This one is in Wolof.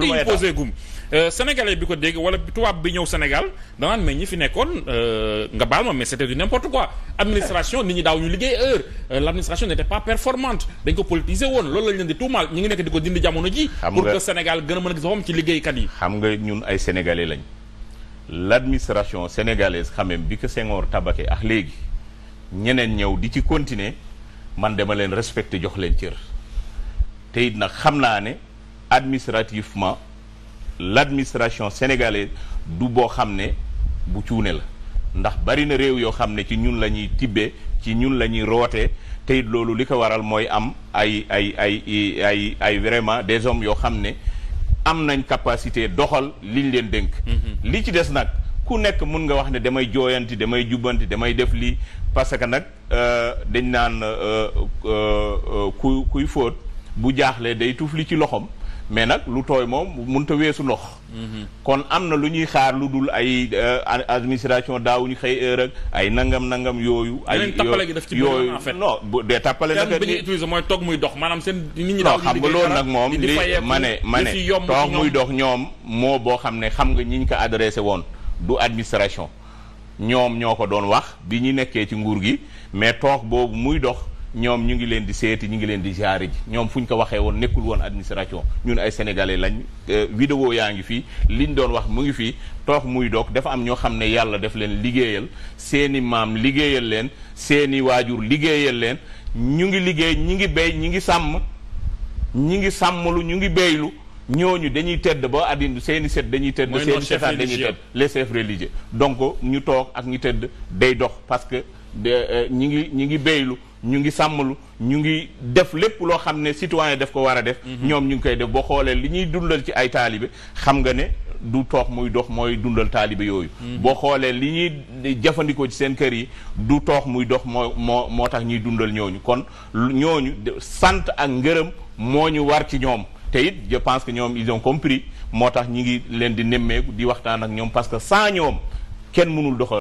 pour mooy état imposé gum euh, sénégalais bi ko dégg wala tubaab bi ñëw Sénégal danaan mais ñi fi nekkoon euh, nga baal ma mais c'était du n'importe quoi administration nit ñi daaw ñu liggéey heure euh, l'administration n'était pas performante dañ ko politiser woon loolu lañ leen di tuumaal ñu ngi nekk di ko dindi jamono ji pour que Sénégal gën a mën a gis boppam ci liggéeykat yi xam nga ñun ay sénégalais lañ l'administration sénégalaise quand même bi ko Senghor tabake ak léegi ñeneen ñëw di ci continuer man dama leen respecté jox leen cër te it xam naa ne administrativement l'administration sénégalaise du boo xam ne bu cuune la ndax bari na réew yoo xam ne ci ñun la ñuy tibbee ci ñun la ñuy rootee teyit loolu li ko waral mooy am ay ay ay ay ay vraiment des hommes yoo xam ne am nañ capacité doxal liñ leen dénk mm-hmm. li ci des nag ku nekk mun nga wax ne damay jooyanti damay jubbanti damay def lii parce que nag euh, dañ naan euh, euh, kuy kuy fóot bu jaaxlee day tuuf li ci loxoom mais nag lu tooy moom mënut a weesu ndox. Mhm. kon am na lu ñuy xaar lu dul ay euh, administration daawuñu xëy heure ak ay nangam nangam yooyu. ay yooyu non bu dee tàppale nag. terme bi ñuy mooy toog muy dox maanaam seen. nit ñi xam nga loolu nag moom li ma ne ma ne toog muy dox ñoom moo boo xam ne xam nga ñiñ ko adressé woon du administration ñoom ñoo ko doon wax bi ñu nekkee ci nguur gi mais toog boobu muy dox. ñoom ñu ngi leen di seeti ñu ngi leen di ziare ji ñoom fu ñu ko waxee woon nekkul woon administration ñun ay sénégalais lañ. vidéo yaa ngi fii li ñu doon wax mu ngi fii toog muy doog dafa am ñoo xam ne yàlla def leen liggéeyal seeni maam liggéeyal leen seeni waajur liggéeyal leen ñu ngi liggéey ñu ngi béy ñu ngi sàmm ñu ngi sàmmlu ñu ngi béylu ñu dañuy tëdd ba àddina seeni set dañuy tëdd seeni setaat dañuy tëdd les chefs religieux donc ñu toog ak ñu tëdd day dox parce que euh, ñi ngi ñi ngi béylu ñu ngi sàmmalu ñu ngi def lépp loo xam ne citoyen def ko war a def mhm. ñoom ñu ngi koy def boo xoolee li ñuy dundal ci ay taalibe xam nga ne du toog muy dox mooy dundal taalibe yooyu mhm. boo xoolee li ñuy jëfandikoo ci seen kër yi du toog muy dox moo moo moo tax ñuy dundal ñooñu kon ñooñu sant ak ngërëm moo ñu war ci ñoom te ja pense que ñoom ils ont compris moo tax ñi ngi leen di nemmeeku di waxtaan ak ñoom parce que sans ñoom kenn mënul doxal